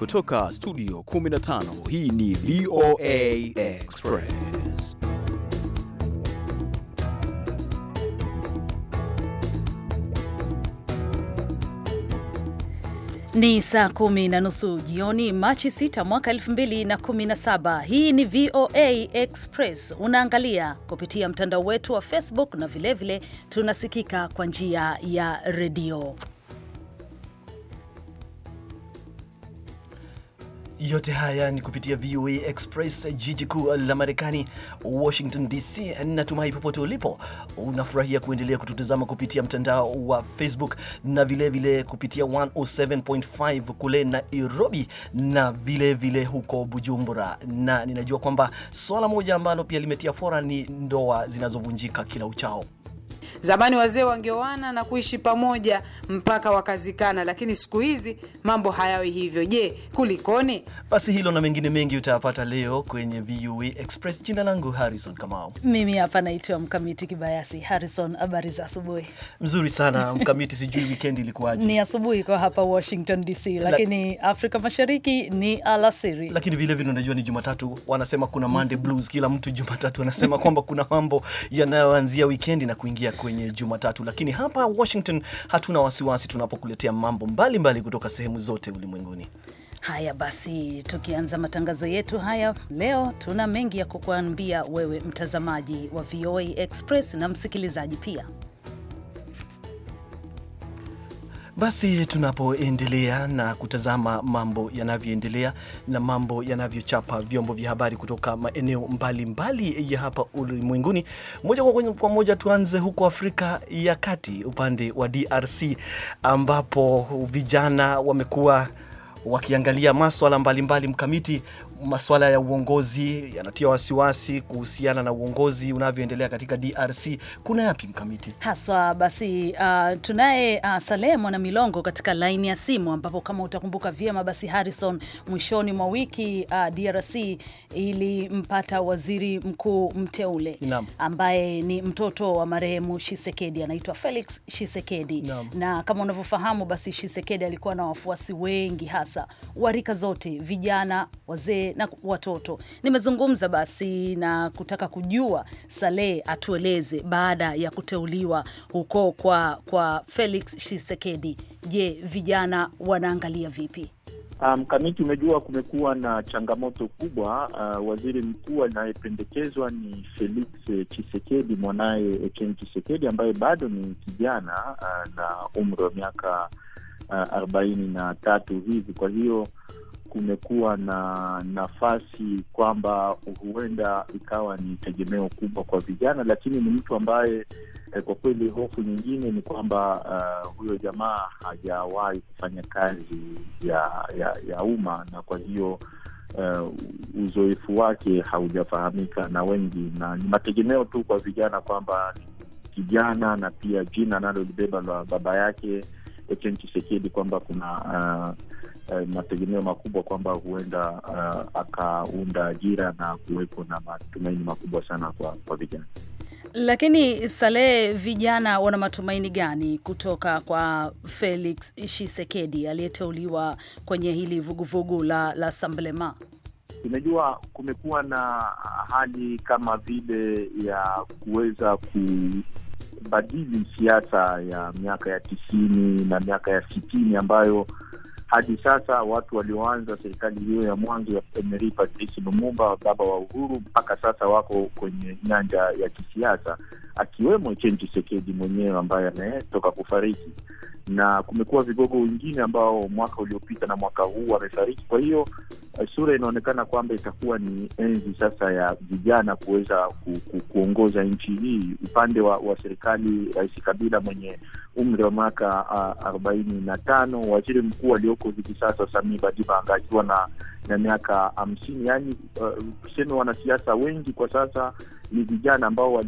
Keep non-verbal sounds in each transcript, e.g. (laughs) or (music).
Kutoka studio 15 hii ni VOA Express. Ni saa kumi na nusu jioni Machi 6 mwaka 2017. Hii ni VOA Express, unaangalia kupitia mtandao wetu wa Facebook na vilevile vile tunasikika kwa njia ya redio. Yote haya ni kupitia VOA Express, jiji kuu la Marekani, Washington DC. Natumai popote ulipo unafurahia kuendelea kututazama kupitia mtandao wa Facebook na vilevile vile kupitia 107.5 kule Nairobi na vilevile vile huko Bujumbura, na ninajua kwamba swala moja ambalo pia limetia fora ni ndoa zinazovunjika kila uchao. Zamani wazee wangeoana na kuishi pamoja mpaka wakazikana, lakini siku hizi mambo hayawi hivyo. Je, kulikoni? Basi hilo na mengine mengi utayapata leo kwenye VOA e Express. Jina langu Harrison Kamau, mimi hapa naitwa Mkamiti Kibayasi. Harrison, habari za asubuhi? Mzuri sana Mkamiti, sijui wikendi ilikuwaje? (laughs) Ni asubuhi kwa hapa Washington DC, lakini la... Afrika Mashariki ni alasiri, lakini vilevile unajua ni Jumatatu, wanasema kuna Monday blues. Kila mtu Jumatatu anasema kwamba kuna mambo yanayoanzia wikendi na kuingia kwe kwenye Jumatatu, lakini hapa Washington hatuna wasiwasi tunapokuletea mambo mbalimbali mbali kutoka sehemu zote ulimwenguni. Haya basi, tukianza matangazo yetu haya leo, tuna mengi ya kukuambia wewe mtazamaji wa VOA Express na msikilizaji pia. Basi tunapoendelea na kutazama mambo yanavyoendelea na mambo yanavyochapa vyombo vya habari kutoka maeneo mbalimbali mbali ya hapa ulimwenguni, moja kwa moja tuanze huko Afrika ya Kati, upande wa DRC ambapo vijana wamekuwa wakiangalia maswala mbalimbali mkamiti masuala ya uongozi yanatia wasiwasi kuhusiana na uongozi unavyoendelea katika DRC. Kuna yapi mkamiti haswa? Basi uh, tunaye uh, Saleh Mwana Milongo katika laini ya simu, ambapo kama utakumbuka vyema, basi Harrison, mwishoni mwa wiki uh, DRC ilimpata waziri mkuu mteule Inam. ambaye ni mtoto wa marehemu Shisekedi, anaitwa Felix Shisekedi Inam. na kama unavyofahamu basi Shisekedi alikuwa na wafuasi wengi hasa wa rika zote, vijana, wazee na watoto. Nimezungumza basi na kutaka kujua Saleh atueleze baada ya kuteuliwa huko kwa, kwa Felix Tshisekedi, je, vijana wanaangalia vipi? Um, ah, Kamiti, umejua kumekuwa na changamoto kubwa. Uh, waziri mkuu anayependekezwa ni Felix Chisekedi, mwanaye Etienne Chisekedi ambaye bado ni kijana uh, na umri wa miaka arobaini uh, na tatu hivi. Kwa hiyo kumekuwa na nafasi kwamba huenda ikawa ni tegemeo kubwa kwa vijana, lakini ni mtu ambaye eh, kwa kweli hofu nyingine ni kwamba uh, huyo jamaa hajawahi kufanya kazi ya ya, ya umma na kwa hiyo Uh, uzoefu wake haujafahamika na wengi, na ni mategemeo tu kwa vijana kwamba kijana na pia jina analolibeba la baba yake Etienne Tshisekedi kwamba kuna uh, eh, mategemeo makubwa kwamba huenda uh, akaunda ajira na kuwepo na matumaini makubwa sana kwa, kwa vijana. Lakini Salehe, vijana wana matumaini gani kutoka kwa Felix Tshisekedi aliyeteuliwa kwenye hili vuguvugu la, la Samblema? Unajua, kumekuwa na hali kama vile ya kuweza kubadili siasa ya miaka ya tisini na miaka ya sitini ambayo hadi sasa watu walioanza serikali hiyo ya mwanzo ya Emery Patrice Lumumba, baba wa uhuru, mpaka sasa wako kwenye nyanja ya kisiasa, akiwemo Etienne Tshisekedi mwenyewe ambaye ametoka kufariki na kumekuwa vigogo wengine ambao mwaka uliopita na mwaka huu wamefariki. Kwa hiyo eh, sura inaonekana kwamba itakuwa ni enzi sasa ya vijana kuweza ku, ku, kuongoza nchi hii. Upande wa, wa serikali, Rais Kabila mwenye umri wa miaka arobaini na tano, waziri mkuu alioko hivi sasa Sami Badibanga akiwa na na miaka hamsini. Yaani eh, tuseme, uh, wanasiasa wengi kwa sasa ni vijana ambao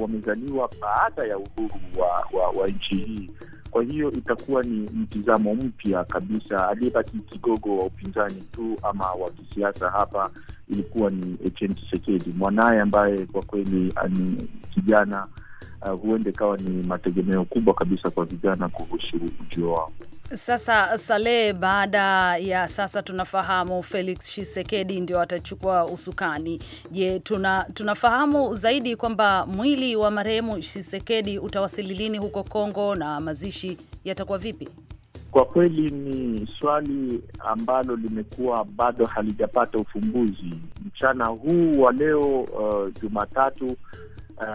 wamezaliwa wa, wa baada ya uhuru wa, wa, wa nchi hii. Kwa hiyo itakuwa ni mtizamo mpya kabisa. Aliyebaki kigogo wa upinzani tu ama wa kisiasa hapa ilikuwa ni Etienne Tshisekedi, mwanaye ambaye kwa kweli ah, ni kijana uh, ikawa ni mategemeo kubwa kabisa kwa vijana kuhusu ujio wao. Sasa Salehe, baada ya sasa tunafahamu Felix Tshisekedi ndio atachukua usukani. Je, tuna, tunafahamu zaidi kwamba mwili wa marehemu Tshisekedi utawasili lini huko Kongo na mazishi yatakuwa vipi? Kwa kweli ni swali ambalo limekuwa bado halijapata ufumbuzi. Mchana huu wa leo uh, Jumatatu,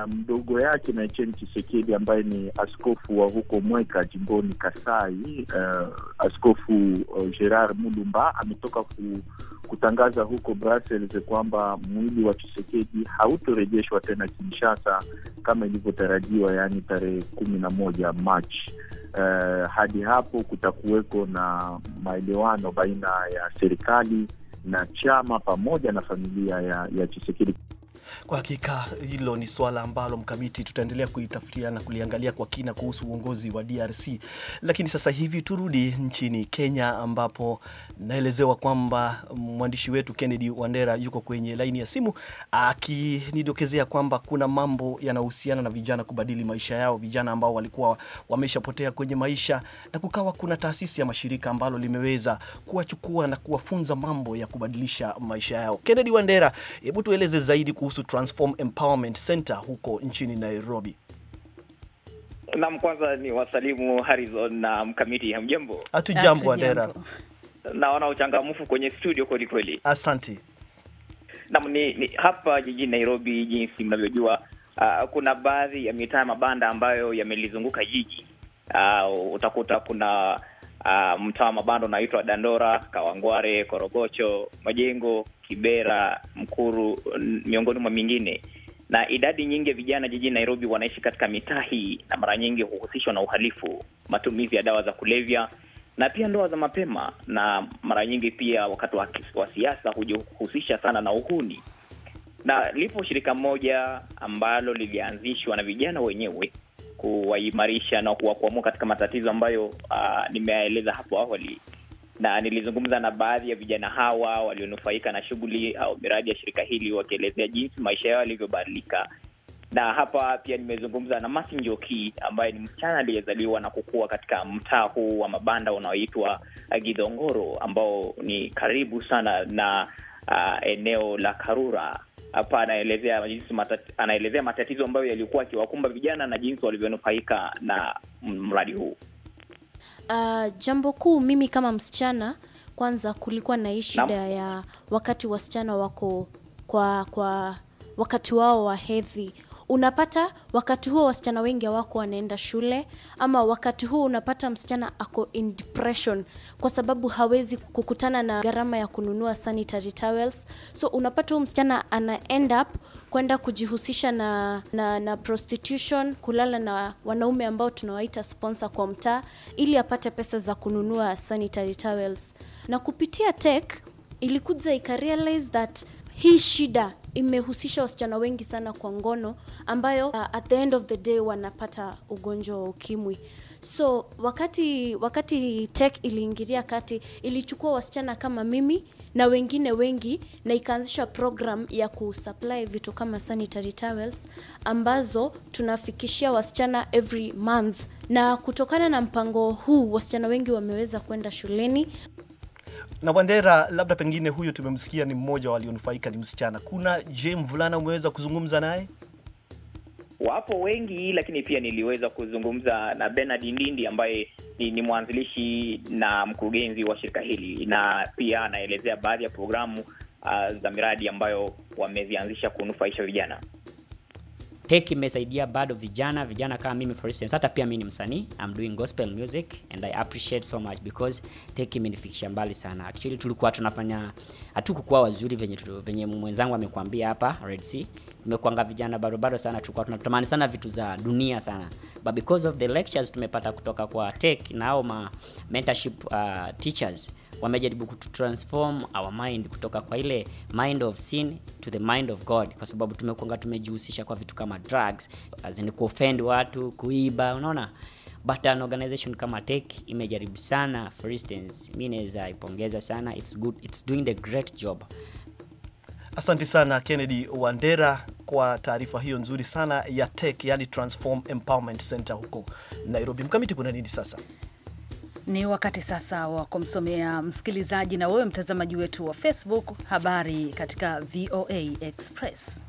mdogo um, yake na Etienne Tshisekedi ambaye ni askofu wa huko Mweka jimboni Kasai. Uh, askofu uh, Gerard Mulumba ametoka ku, kutangaza huko Brussels kwamba mwili wa Tshisekedi hautorejeshwa tena Kinshasa kama ilivyotarajiwa, yaani tarehe kumi na moja Machi. Uh, hadi hapo kutakuweko na maelewano baina ya serikali na chama pamoja na familia ya, ya Tshisekedi. Kwa hakika hilo ni swala ambalo mkamiti, tutaendelea kulitafutia na kuliangalia kwa kina kuhusu uongozi wa DRC. Lakini sasa hivi turudi nchini Kenya, ambapo naelezewa kwamba mwandishi wetu Kennedy Wandera yuko kwenye laini ya simu akinidokezea kwamba kuna mambo yanahusiana na vijana kubadili maisha yao, vijana ambao walikuwa wameshapotea kwenye maisha, na kukawa kuna taasisi ya mashirika ambalo limeweza kuwachukua na kuwafunza mambo ya kubadilisha maisha yao. Kennedy Wandera, hebu tueleze zaidi kuhusu kuhusu Transform Empowerment Center huko nchini Nairobi. Naam, kwanza ni wasalimu Harrison na mkamiti. Hamjambo? Hatujambo Wandera. Naona uchangamfu kwenye studio kweli kweli, asante. Naam, ni, ni hapa jijini Nairobi, jinsi mnavyojua, uh, kuna baadhi ya mitaa mabanda ambayo yamelizunguka jiji uh, utakuta kuna uh, mtaa mabanda unaitwa Dandora, Kawangware, Korogocho, Majengo Kibera, Mkuru, miongoni mwa mingine. Na idadi nyingi ya vijana jijini Nairobi wanaishi katika mitaa hii na mara nyingi huhusishwa na uhalifu, matumizi ya dawa za kulevya na pia ndoa za mapema, na mara nyingi pia wakati wa siasa hujihusisha sana na uhuni. Na lipo shirika moja ambalo lilianzishwa na vijana wenyewe kuwaimarisha na kuwakwamua katika matatizo ambayo uh, nimeyaeleza hapo awali na nilizungumza na baadhi ya vijana hawa walionufaika na shughuli au miradi ya shirika hili wakielezea jinsi maisha yao yalivyobadilika. Na hapa pia nimezungumza na Martin Njoki ambaye ni msichana aliyezaliwa na kukua katika mtaa huu wa mabanda unaoitwa gidhongoro ambao ni karibu sana na uh, eneo la Karura. Hapa anaelezea jinsi anaelezea matatizo ambayo yalikuwa akiwakumba vijana na jinsi walivyonufaika na mradi huu. Uh, jambo kuu mimi kama msichana kwanza, kulikuwa na hii shida no. ya wakati wasichana wako kwa kwa wakati wao wa hedhi, unapata wakati huo wasichana wengi awako wanaenda shule, ama wakati huo unapata msichana ako in depression kwa sababu hawezi kukutana na gharama ya kununua sanitary towels, so unapata huu msichana ana end up kwenda kujihusisha na, na, na prostitution, kulala na wanaume ambao tunawaita sponsor kwa mtaa, ili apate pesa za kununua sanitary towels. Na kupitia tech ilikuja ikarealize that hii shida imehusisha wasichana wengi sana kwa ngono ambayo uh, at the end of the day wanapata ugonjwa wa ukimwi. So wakati wakati tech iliingilia kati, ilichukua wasichana kama mimi na wengine wengi na ikaanzisha program ya kusupply vitu kama sanitary towels ambazo tunafikishia wasichana every month, na kutokana na mpango huu wasichana wengi wameweza kwenda shuleni na Wandera, labda pengine huyo tumemsikia ni mmoja walionufaika ni msichana. Kuna je, mvulana umeweza kuzungumza naye? Wapo wengi, lakini pia niliweza kuzungumza na Bernard Ndindi ambaye ni, ni mwanzilishi na mkurugenzi wa shirika hili, na pia anaelezea baadhi ya programu uh, za miradi ambayo wamezianzisha kunufaisha vijana. Tech imesaidia bado vijana vijana kama mimi for instance, hata pia mimi ni msanii, I'm doing gospel music and I appreciate so much because tech imenifikisha mbali sana. Actually tulikuwa tunafanya hatukukuwa wazuri venye venye mwenzangu amekwambia hapa Red Sea. Tumekuanga vijana bado bado sana, tulikuwa tunatamani sana vitu za dunia sana, but because of the lectures tumepata kutoka kwa tech na au ma mentorship uh, teachers wamejaribu kututransform our mind kutoka kwa ile mind of sin to the mind of God, kwa sababu tumekuanga tumejihusisha kwa vitu kama drugs, as in kuoffend watu, kuiba, unaona but an organization kama TEC imejaribu sana. For instance, mimi naweza ipongeza sana, it's good, it's doing the great job. Asante sana Kennedy Wandera kwa taarifa hiyo nzuri sana ya TEC, yani Transform Empowerment Center huko Nairobi. Mkamiti, kuna nini sasa? Ni wakati sasa wa kumsomea msikilizaji na wewe mtazamaji wetu wa Facebook habari katika VOA Express.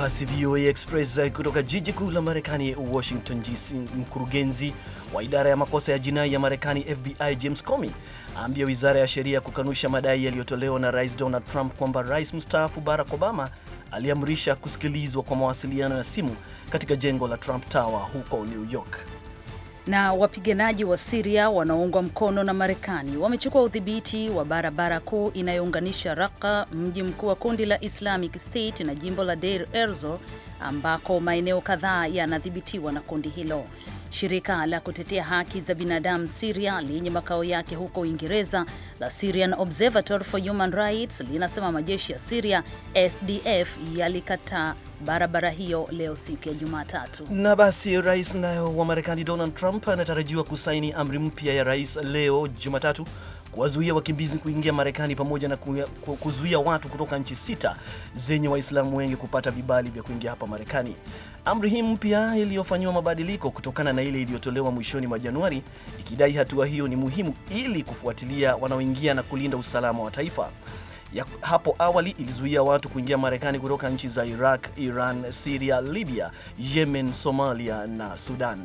basi VOA Express eh, kutoka jiji kuu la Marekani Washington DC. Mkurugenzi wa idara ya makosa ya jinai ya Marekani FBI James Comey aambia wizara ya sheria kukanusha madai yaliyotolewa na Rais Donald Trump kwamba rais mstaafu Barack Obama aliamrisha kusikilizwa kwa mawasiliano ya simu katika jengo la Trump Tower huko New York na wapiganaji wa Siria wanaoungwa mkono na Marekani wamechukua udhibiti wa barabara kuu inayounganisha Raqqa, mji mkuu wa kundi la Islamic State, na jimbo la Deir Ezzor ambako maeneo kadhaa yanadhibitiwa na kundi hilo. Shirika la kutetea haki za binadamu Syria lenye makao yake huko Uingereza la Syrian Observatory for Human Rights linasema majeshi ya Syria SDF yalikataa barabara hiyo leo siku ya Jumatatu. Na basi rais nayo wa Marekani Donald Trump anatarajiwa kusaini amri mpya ya rais leo Jumatatu kuwazuia wakimbizi kuingia Marekani pamoja na kuzuia watu kutoka nchi sita zenye Waislamu wengi kupata vibali vya kuingia hapa Marekani. Amri hii mpya iliyofanyiwa mabadiliko kutokana na ile iliyotolewa mwishoni mwa Januari, ikidai hatua hiyo ni muhimu ili kufuatilia wanaoingia na kulinda usalama wa taifa. Ya hapo awali ilizuia watu kuingia Marekani kutoka nchi za Iraq, Iran, Syria, Libya, Yemen, Somalia na Sudan.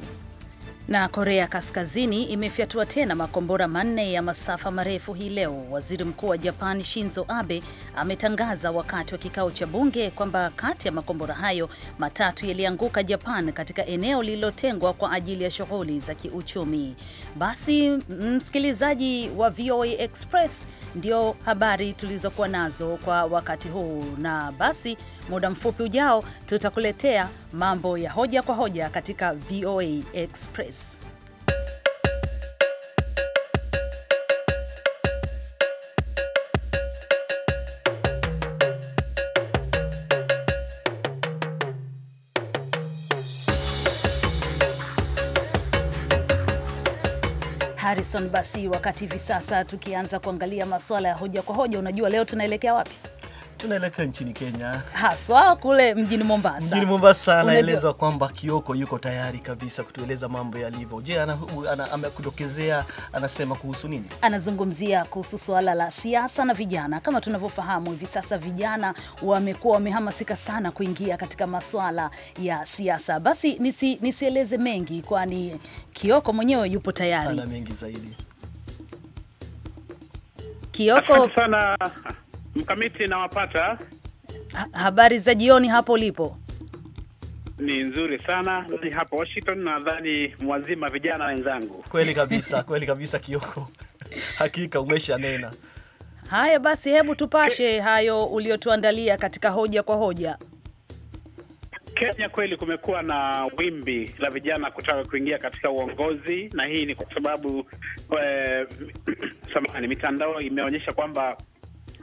Na Korea Kaskazini imefyatua tena makombora manne ya masafa marefu hii leo, waziri mkuu wa Japan Shinzo Abe ametangaza wakati wa kikao cha bunge kwamba kati ya makombora hayo matatu yalianguka Japan katika eneo lililotengwa kwa ajili ya shughuli za kiuchumi. Basi msikilizaji wa VOA Express, ndio habari tulizokuwa nazo kwa wakati huu, na basi Muda mfupi ujao tutakuletea mambo ya hoja kwa hoja katika VOA Express. Harrison, basi wakati hivi sasa tukianza kuangalia masuala ya hoja kwa hoja, unajua leo tunaelekea wapi? tunaelekea nchini Kenya, haswa kule mjini Mombasa. Mjini Mombasa anaelezwa kwamba Kioko yuko tayari kabisa kutueleza mambo yalivyo. Je, amekudokezea ana, ana, anasema kuhusu nini? Anazungumzia kuhusu suala la siasa na vijana. Kama tunavyofahamu hivi sasa vijana wamekuwa wamehamasika sana kuingia katika maswala ya siasa. Basi nisi, nisieleze mengi, kwani Kioko mwenyewe yupo tayari. Ana mengi zaidi Kioko... sana Mkamiti, nawapata. Ha, habari za jioni hapo ulipo? Ni nzuri sana, ni hapa Washington. Nadhani mwazima vijana wenzangu. Kweli (laughs) kabisa, kweli kabisa Kioko, (laughs) hakika umesha nena haya. Basi hebu tupashe hayo uliotuandalia katika hoja kwa hoja. Kenya kweli kumekuwa na wimbi la vijana kutaka kuingia katika uongozi, na hii ni kwa sababu eh, (clears throat) samahani, mitandao imeonyesha kwamba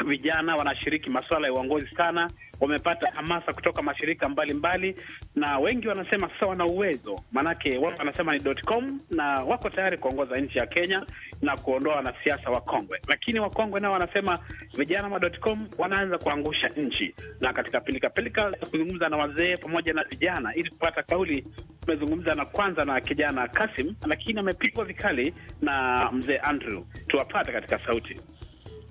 vijana wanashiriki masuala ya uongozi sana, wamepata hamasa kutoka mashirika mbalimbali mbali, na wengi wanasema sasa wana uwezo, maanake wao wanasema ni dot com na wako tayari kuongoza nchi ya Kenya na kuondoa wanasiasa wakongwe. Lakini wakongwe nao wanasema vijana wa dot com wanaanza kuangusha nchi. Na katika pilika za kuzungumza na wazee pamoja na vijana ili kupata kauli, tumezungumza na kwanza na kijana Kasim, lakini amepigwa vikali na mzee Andrew. Tuwapate katika sauti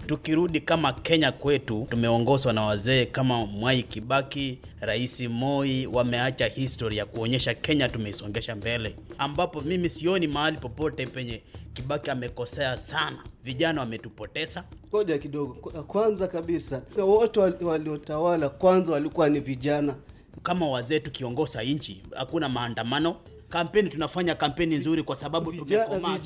Tukirudi kama Kenya kwetu, tumeongozwa na wazee kama Mwai Kibaki, Rais Moi, wameacha history ya kuonyesha Kenya tumeisongesha mbele, ambapo mimi sioni mahali popote penye Kibaki amekosea sana. Vijana wametupoteza. Ngoja kidogo, kwanza kabisa wote waliotawala kwanza walikuwa ni vijana. Kama wazee tukiongoza nchi, hakuna maandamano, kampeni, tunafanya kampeni nzuri kwa sababu tumekomaa.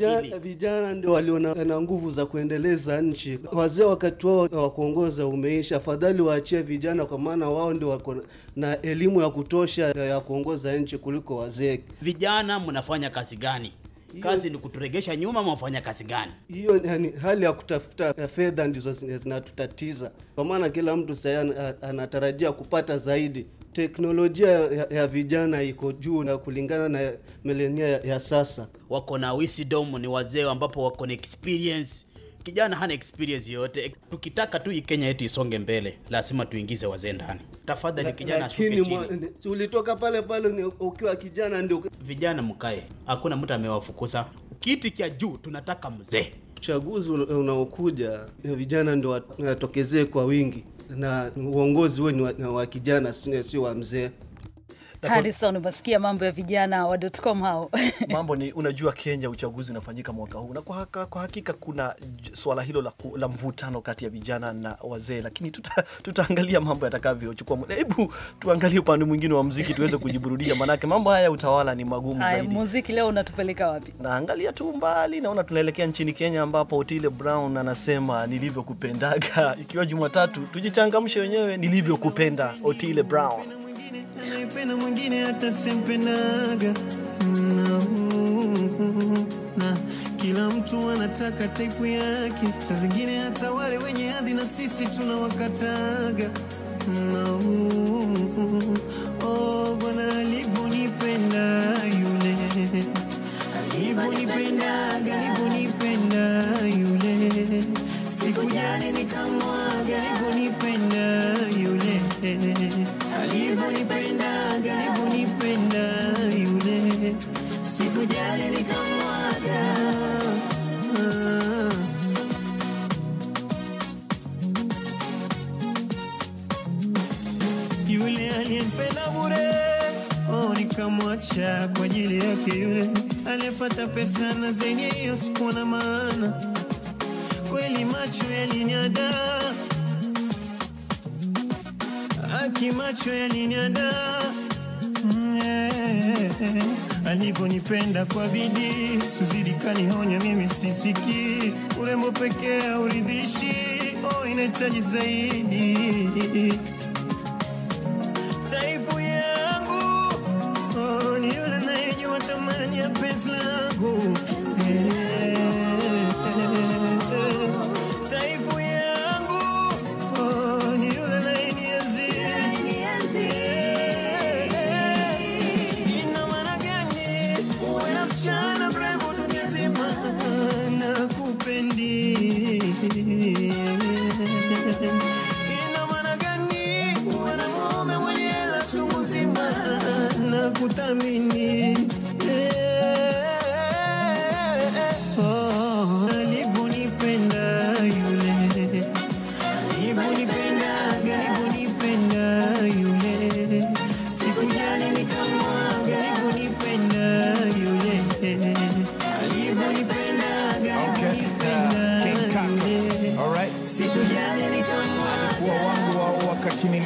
Vijana ndio waliona na nguvu za kuendeleza nchi. Wazee wakati wao wa kuongoza umeisha, afadhali waachie vijana, kwa maana wao ndio wako na elimu ya kutosha ya kuongoza nchi kuliko wazee. Vijana, mnafanya kazi gani? Kazi ni kuturegesha nyuma, mwafanya kazi gani? Hiyo yani, hali ya kutafuta fedha ndizo zinatutatiza, kwa maana kila mtu sasa anatarajia kupata zaidi teknolojia ya, ya vijana iko juu na kulingana na milenia ya, ya sasa, wako na wisdom, ni wazee ambapo wako na experience. Kijana hana experience yoyote. Tukitaka tu Kenya yetu isonge mbele, lazima tuingize wazee ndani. Tafadhali kijana chini. Ulitoka pale pale ukiwa kijana, ndio vijana mkae, hakuna mtu amewafukuza kiti cha juu. Tunataka mzee uchaguzi unaokuja eh, vijana ndo watokezee kwa wingi na uongozi huwe ni wa, wa kijana sio wa mzee. Harrison, umesikia mambo ya vijana wa dotcom hao. (laughs) Mambo ni unajua, Kenya uchaguzi unafanyika mwaka huu na kwa, kwa, kwa hakika kuna swala hilo la, la mvutano kati ya vijana na wazee, lakini tuta, tutaangalia mambo yatakavyochukua. Hebu tuangalie upande mwingine wa muziki tuweze kujiburudisha, manake mambo haya ya utawala ni magumu zaidi. Muziki leo unatupeleka wapi? Naangalia tu mbali, naona tunaelekea nchini Kenya ambapo Otile Brown anasema nilivyokupendaga, ikiwa Jumatatu tujichangamshe wenyewe, nilivyokupenda Otile Brown Anayependa mwingine hata simpendaga na, na kila mtu anataka taipu yake, saa zingine hata wale wenye hadhi na sisi tunawakataga na ningepata pesa na zenye hiyo sikuwa na maana kweli, macho yaliniada, aki macho yaliniada mm, yeah. Alivyonipenda kwa bidii suzidi kanihonya mimi sisiki, urembo pekee auridhishi, oh, inahitaji zaidi love.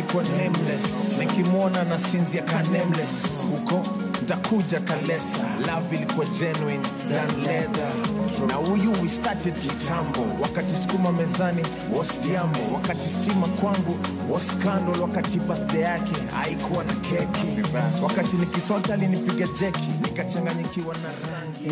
niko nameless, nikimwona na sinzia ka nameless huko ntakuja kalesa. Love ilikuwa genuine than leather, na huyu we started kitambo, wakati sukuma mezani was jambo, wakati stima kwangu was scandal, wakati birthday yake haikuwa na keki, wakati nikisota linipiga jeki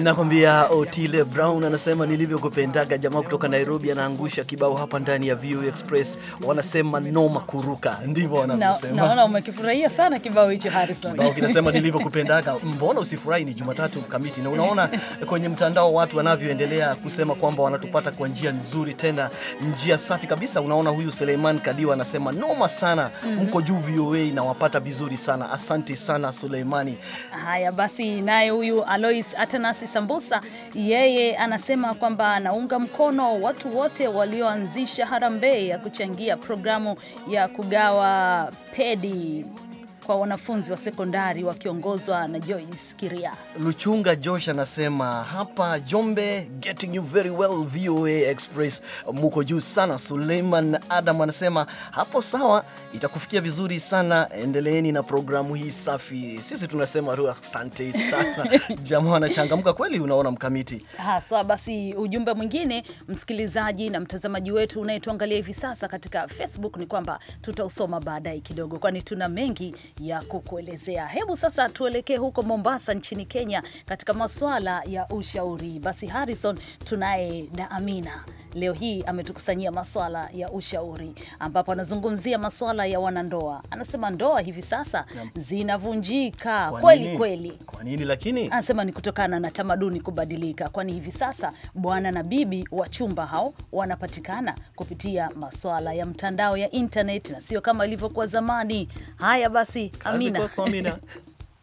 Nakwambia Otile Brown anasema nilivyokupendaga. Jamaa kutoka Nairobi anaangusha kibao hapa ndani ya VU Express, wanasema noma kuruka, ndivyo wanavyosema. Naona umekifurahia sana kibao hicho Harrison. Kibao kinasema nilivyokupendaga, mbona usifurahi? Ni Jumatatu kamiti, na unaona kwenye mtandao watu wanavyoendelea kusema kwamba wanatupata kwa njia nzuri, tena njia safi kabisa. Unaona huyu Suleiman Kadiwa anasema noma sana, mhm. mko juu VOA na wapata vizuri sana. Asante sana Suleimani. Haya basi na naye huyu Alois Atanasi Sambusa, yeye anasema kwamba anaunga mkono watu wote walioanzisha harambee ya kuchangia programu ya kugawa pedi kwa wanafunzi wa sekondari wakiongozwa na Joyce Kiria. Luchunga Josh anasema hapa Jombe, getting you very well VOA Express, muko juu sana. Suleiman Adam anasema hapo sawa, itakufikia vizuri sana, endeleeni na programu hii safi. Sisi tunasema tu asante sana (laughs) jamaa anachangamka kweli, unaona mkamiti haswa. So, basi ujumbe mwingine msikilizaji na mtazamaji wetu unayetuangalia hivi sasa katika Facebook ni kwamba tutausoma baadaye kidogo, kwani tuna mengi ya kukuelezea. Hebu sasa tuelekee huko Mombasa nchini Kenya katika masuala ya ushauri. Basi Harrison, tunaye amina leo hii ametukusanyia maswala ya ushauri, ambapo anazungumzia maswala ya wanandoa. Anasema ndoa hivi sasa zinavunjika kweli kweli. Kwa nini lakini? Anasema ni kutokana na tamaduni kubadilika, kwani hivi sasa bwana na bibi wa chumba hao wanapatikana kupitia maswala ya mtandao ya internet na sio kama ilivyokuwa zamani. Haya basi, Amina. (laughs)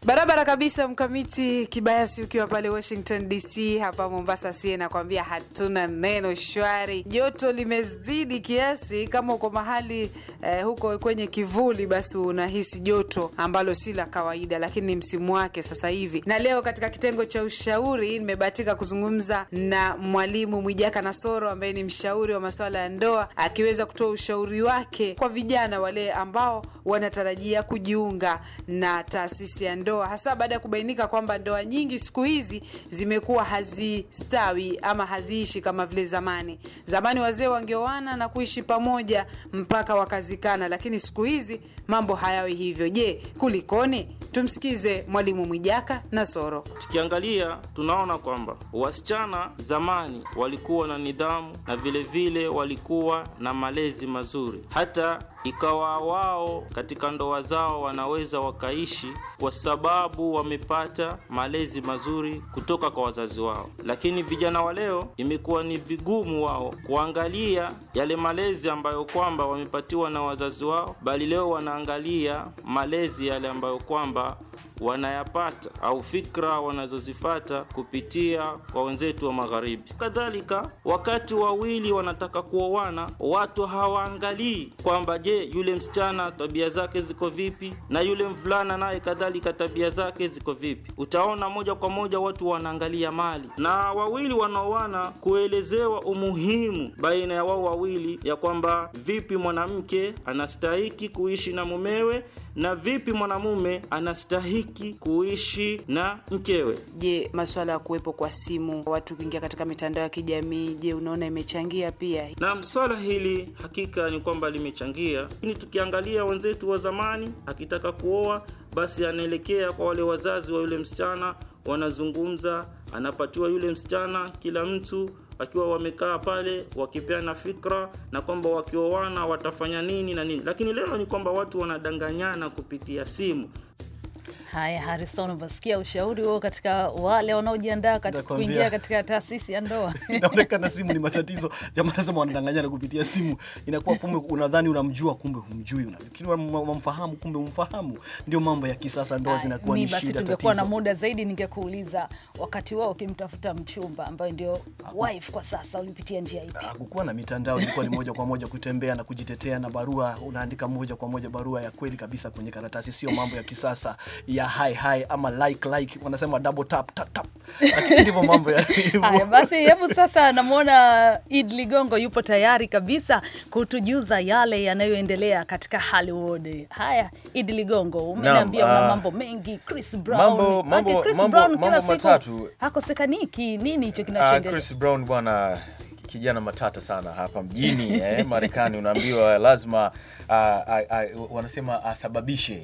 barabara kabisa, mkamiti kibayasi ukiwa pale Washington DC. Hapa Mombasa sie nakwambia hatuna neno shwari, joto limezidi kiasi. Kama uko mahali eh, huko kwenye kivuli, basi unahisi joto ambalo si la kawaida, lakini ni msimu wake sasa hivi. Na leo katika kitengo cha ushauri nimebahatika kuzungumza na mwalimu Mwijaka Nasoro ambaye ni mshauri wa masuala ya ndoa, akiweza kutoa ushauri wake kwa vijana wale ambao wanatarajia kujiunga na taasisi ya ndoa ndoa, hasa baada ya kubainika kwamba ndoa nyingi siku hizi zimekuwa hazistawi ama haziishi kama vile zamani. Zamani wazee wangeoana na kuishi pamoja mpaka wakazikana, lakini siku hizi mambo hayawe hivyo. Je, kulikoni? Tumsikize Mwalimu Mwijaka na Soro. Tukiangalia tunaona kwamba wasichana zamani walikuwa na nidhamu na vilevile vile walikuwa na malezi mazuri, hata ikawa wao katika ndoa zao wanaweza wakaishi kwa sababu wamepata malezi mazuri kutoka kwa wazazi wao. Lakini vijana wa leo imekuwa ni vigumu wao kuangalia yale malezi ambayo kwamba wamepatiwa na wazazi wao, bali leo wana tunaangalia malezi yale ambayo kwamba wanayapata au fikra wanazozifata kupitia kwa wenzetu wa magharibi. Kadhalika, wakati wawili wanataka kuoana, watu hawaangalii kwamba je, yule msichana tabia zake ziko vipi na yule mvulana naye kadhalika tabia zake ziko vipi. Utaona moja kwa moja watu wanaangalia mali, na wawili wanaoana kuelezewa umuhimu baina ya wao wawili ya kwamba vipi mwanamke anastahiki kuishi na mumewe na vipi mwanamume anastahiki kuishi na mkewe. Je, masuala ya kuwepo kwa simu, watu kuingia katika mitandao ya kijamii, je, unaona imechangia pia? Naam, swala hili hakika ni kwamba limechangia, lakini tukiangalia wenzetu wa zamani, akitaka kuoa basi anaelekea kwa wale wazazi wa yule msichana, wanazungumza, anapatiwa yule msichana, kila mtu wakiwa wamekaa pale wakipeana fikra na kwamba wakioana watafanya nini na nini, lakini leo ni kwamba watu wanadanganyana kupitia simu. Haya, Harison, umesikia ushauri huo katika wale wanaojiandaa katika kuingia katika taasisi ya ndoa. (laughs) Inaonekana simu ni matatizo. Jamaa nasema wanadanganyana kupitia simu. Inakuwa kumbe unadhani unamjua, kumbe humjui. lakini unamfahamu, kumbe umfahamu. Ndio mambo ya kisasa, ndoa zinakuwa ni shida Basi tungekuwa na muda zaidi, ningekuuliza wakati wao ukimtafuta mchumba ambaye ndio wife kwa sasa ulipitia njia ipi? Hakukuwa na mitandao, ilikuwa ni moja kwa moja kutembea na kujitetea na barua, unaandika moja kwa moja barua ya kweli kabisa kwenye karatasi, sio mambo ya kisasa ya ya hi hi ama like like, wanasema double tap tap tap, lakini ndivyo mambo yalivyo. (laughs) Haya basi, hebu sasa, namwona Id Ligongo yupo tayari kabisa kutujuza yale yanayoendelea katika Hollywood. Haya, Id Ligongo, umeniambia ah, mambo mengi. Chris Brown, mambo mambo mambo mambo hakosekaniki. Nini hicho ah, kinachoendelea? Chris Brown bwana kijana matata sana hapa mjini eh, Marekani unaambiwa lazima wanasema asababishe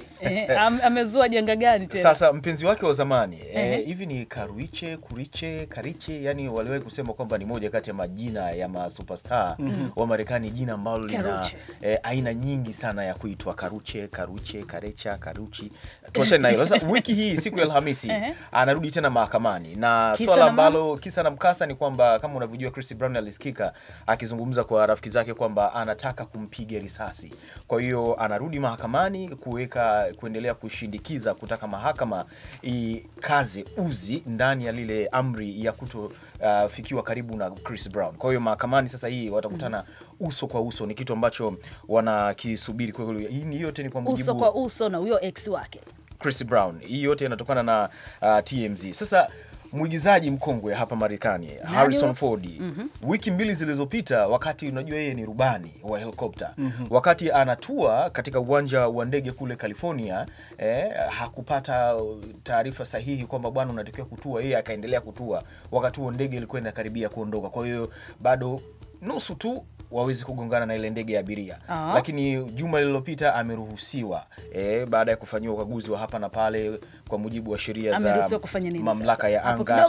amezua janga gani tena? Sasa mpenzi wake wa zamani eh, hivi ni Karuiche, Kuriche, Kariche, yani waliwahi kusema kwamba ni moja kati ya majina ya masuperstar mhm. wa Marekani, jina ambalo lina eh, aina nyingi sana ya kuitwa Karuche, Karuche, Karecha, Karuchi. Tuachane na hilo sasa. (laughs) Wiki hii siku ya Alhamisi anarudi tena mahakamani na swala ambalo kisa na mkasa ni kwamba kama unavyojua Chris Brown alisikika akizungumza kwa rafiki zake kwamba anataka kumpiga risasi kwa hiyo anarudi mahakamani kuweka kuendelea kushindikiza kutaka mahakama ikaze uzi ndani ya lile amri ya kutofikiwa uh, karibu na Chris Brown. Kwa hiyo mahakamani sasa hii watakutana mm. uso kwa uso, ni kitu ambacho wanakisubiri kwa Hii yote ni kwa mujibu uso kwa uso na huyo ex wake Chris Brown. Hii yote inatokana na uh, TMZ sasa mwigizaji mkongwe hapa Marekani Harrison Ford mm -hmm. wiki mbili zilizopita, wakati unajua yeye ni rubani wa helikopta mm -hmm. wakati anatua katika uwanja wa ndege kule California eh, hakupata taarifa sahihi kwamba bwana unatakiwa kutua, yeye akaendelea kutua, wakati huo ndege ilikuwa inakaribia kuondoka, kwa hiyo bado nusu tu wawezi kugongana na ile ndege ya abiria uh -huh. Lakini juma lililopita ameruhusiwa e, baada ya kufanyiwa ukaguzi wa hapa na pale kwa mujibu wa sheria za mamlaka ya anga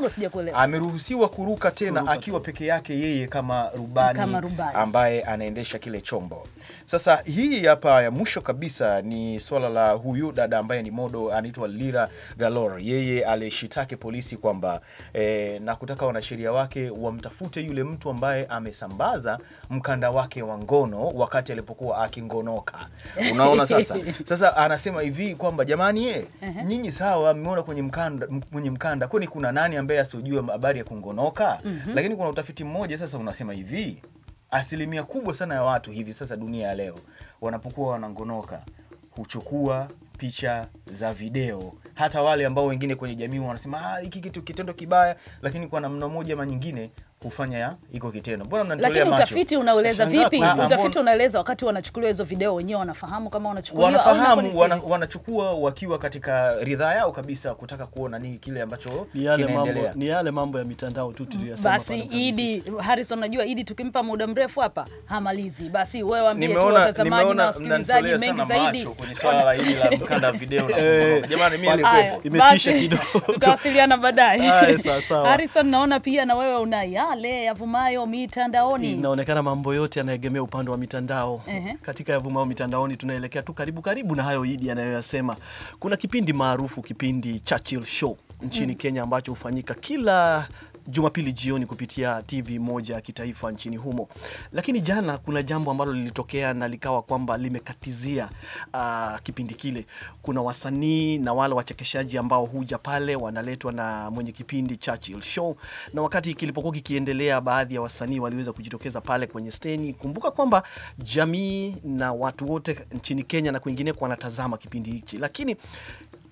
ameruhusiwa kuruka tena kuruka. Akiwa tu peke yake yeye kama rubani, kama rubani ambaye anaendesha kile chombo. Sasa hii hapa ya mwisho kabisa ni swala la huyu dada ambaye ni modo anaitwa Lira Galor, yeye alishitaki polisi kwamba e, na kutaka wanasheria wake wamtafute yule mtu ambaye amesambaza mka ukanda wake wa ngono wakati alipokuwa akingonoka. (laughs) Unaona sasa, sasa anasema hivi kwamba jamani, ye eh, uh -huh. nyinyi sawa, mmeona kwenye mkanda, kwenye mkanda kwani kuna nani ambaye asijue habari ya kungonoka? uh mhm. -huh. Lakini kuna utafiti mmoja sasa unasema hivi, asilimia kubwa sana ya watu hivi sasa dunia ya leo wanapokuwa wanangonoka huchukua picha za video, hata wale ambao wengine kwenye jamii wanasema ah, hiki kitu kitendo kibaya, lakini kwa namna moja ama nyingine kufanya ya iko kitendo. Mbona mnanitolea macho? Lakini utafiti unaeleza vipi? utafiti unaeleza wakati wanachukuliwa hizo video wenyewe wanafahamu kama wanachukuliwa au wanafahamu wana, wanachukua wakiwa katika ridhaa yao kabisa kutaka kuona nini kile ambacho kinaendelea. mambo, ni yale mambo ya mitandao tu tuliyosema. Basi Idi Harrison, najua Idi tukimpa muda mrefu hapa hamalizi. Basi wewe waambie tu watazamaji na wasikilizaji mengi zaidi kwenye swala la hili la mkanda video na (laughs) kuona. Eh, jamani, mimi nilikuwa imetisha kidogo. Tutawasiliana baadaye. sawa sawa. Harrison, naona pia na wewe una yale yavumayo mitandaoni. Inaonekana mambo yote yanaegemea upande wa mitandao. uh -huh. Katika yavumayo mitandaoni tunaelekea tu karibu karibu na hayo Idi anayoyasema. Kuna kipindi maarufu, kipindi Churchill Show nchini mm. Kenya ambacho hufanyika kila Jumapili jioni kupitia TV moja ya kitaifa nchini humo. Lakini jana kuna jambo ambalo lilitokea na likawa kwamba limekatizia uh, kipindi kile. Kuna wasanii na wale wachekeshaji ambao huja pale wanaletwa na mwenye kipindi Churchill Show, na wakati kilipokuwa kikiendelea, baadhi ya wasanii waliweza kujitokeza pale kwenye steni. Kumbuka kwamba jamii na watu wote nchini Kenya na kwingineko wanatazama kipindi hichi, lakini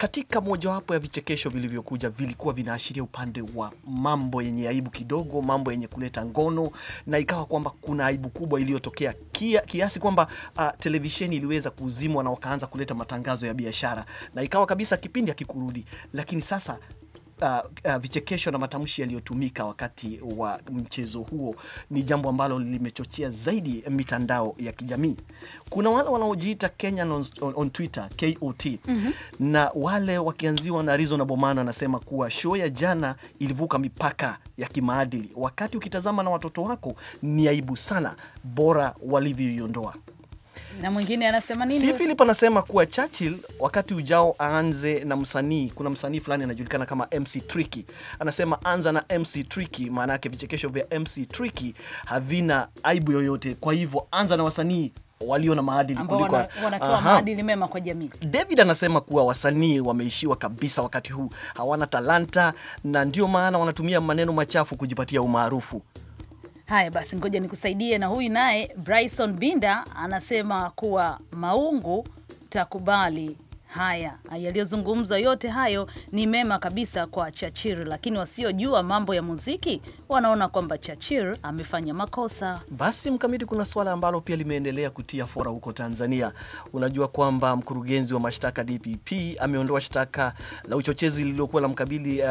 katika mojawapo ya vichekesho vilivyokuja vilikuwa vinaashiria upande wa mambo yenye aibu kidogo, mambo yenye kuleta ngono, na ikawa kwamba kuna aibu kubwa iliyotokea kiasi kwamba uh, televisheni iliweza kuzimwa na wakaanza kuleta matangazo ya biashara, na ikawa kabisa kipindi hakikurudi. Lakini sasa uh, uh, vichekesho na matamshi yaliyotumika wakati wa mchezo huo ni jambo ambalo limechochea zaidi mitandao ya kijamii. Kuna wale wanaojiita kenya on, on Twitter KOT mm -hmm. na wale wakianziwa na Rizona Bomana anasema kuwa show ya jana ilivuka mipaka ya kimaadili, wakati ukitazama na watoto wako ni aibu sana, bora walivyoiondoa na mwingine anasema nini? Si Philip anasema kuwa Churchill wakati ujao aanze na msanii. Kuna msanii fulani anajulikana kama MC Tricky, anasema anza na MC Tricky, maana yake vichekesho vya MC Tricky havina aibu yoyote, kwa hivyo anza na wasanii walio na maadili kuliko wanatoa maadili mema kwa jamii. David anasema kuwa wasanii wameishiwa kabisa wakati huu, hawana talanta na ndio maana wanatumia maneno machafu kujipatia umaarufu. Haya basi, ngoja nikusaidie na huyu naye Bryson Binda anasema kuwa maungu takubali. Haya yaliyozungumzwa yote hayo ni mema kabisa kwa Chachiri, lakini wasiojua mambo ya muziki wanaona kwamba Chachir amefanya makosa. Basi Mkamiti, kuna swala ambalo pia limeendelea kutia fora huko Tanzania. Unajua kwamba mkurugenzi wa mashtaka DPP ameondoa shtaka la uchochezi lililokuwa la mkabili uh,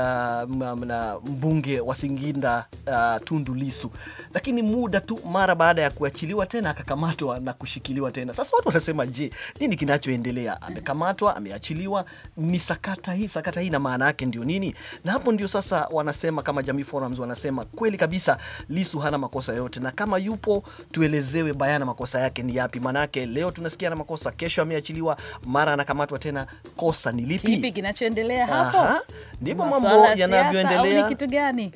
na mbunge wa Singinda uh, Tundu Lisu, lakini muda tu mara baada ya kuachiliwa tena akakamatwa na kushikiliwa tena. Sasa watu wanasema, je, nini kinachoendelea? Amekamatwa, ameachiliwa, ni sakata hii. Sakata hii na maana yake ndio nini? Na hapo ndio sasa wanasema kama Jamii Forums wanasema kweli kabisa Lisu hana makosa yote, na kama yupo tuelezewe bayana makosa yake ni yapi, manake leo tunasikia na makosa, kesho ameachiliwa, mara anakamatwa tena, kosa ni lipi? Kipi kinachoendelea hapo? Ndivyo mambo yanavyoendelea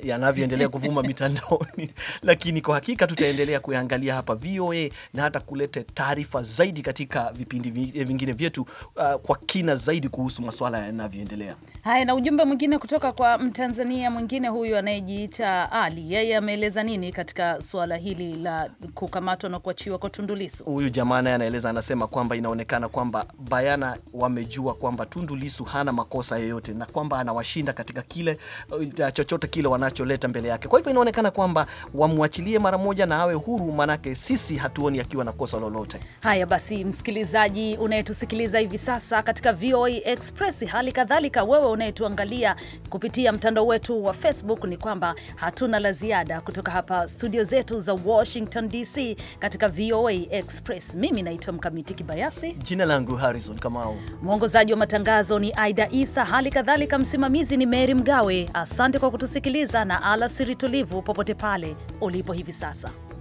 yanavyoendelea kuvuma (laughs) mitandaoni, (laughs) lakini kwa hakika tutaendelea kuyaangalia hapa VOA na hata kulete taarifa zaidi katika vipindi eh, vingine vyetu, uh, kwa kina zaidi kuhusu maswala yanavyoendelea haya. Na ujumbe mwingine kutoka kwa Mtanzania mwingine huyu anayejiita ah, ali yeye ameeleza nini katika suala hili la kukamatwa na kuachiwa kwa Tundu Lissu? Huyu jamaa naye anaeleza, anasema kwamba inaonekana kwamba bayana wamejua kwamba Tundu Lissu hana makosa yoyote na kwamba anawashinda katika kile uh, chochote kile wanacholeta mbele yake. Kwa hivyo inaonekana kwamba wamwachilie mara moja na awe huru, maanake sisi hatuoni akiwa na kosa lolote. Haya basi, msikilizaji unayetusikiliza hivi sasa katika VOA Express, hali kadhalika wewe unayetuangalia kupitia mtandao wetu wa Facebook, ni kwamba hatuna Hatuna la ziada kutoka hapa studio zetu za Washington DC katika VOA Express. Mimi naitwa Mkamiti Kibayasi, jina langu Harrison Kamau, mwongozaji wa matangazo ni Aida Isa, hali kadhalika msimamizi ni Mary Mgawe. Asante kwa kutusikiliza na alasiri tulivu popote pale ulipo hivi sasa.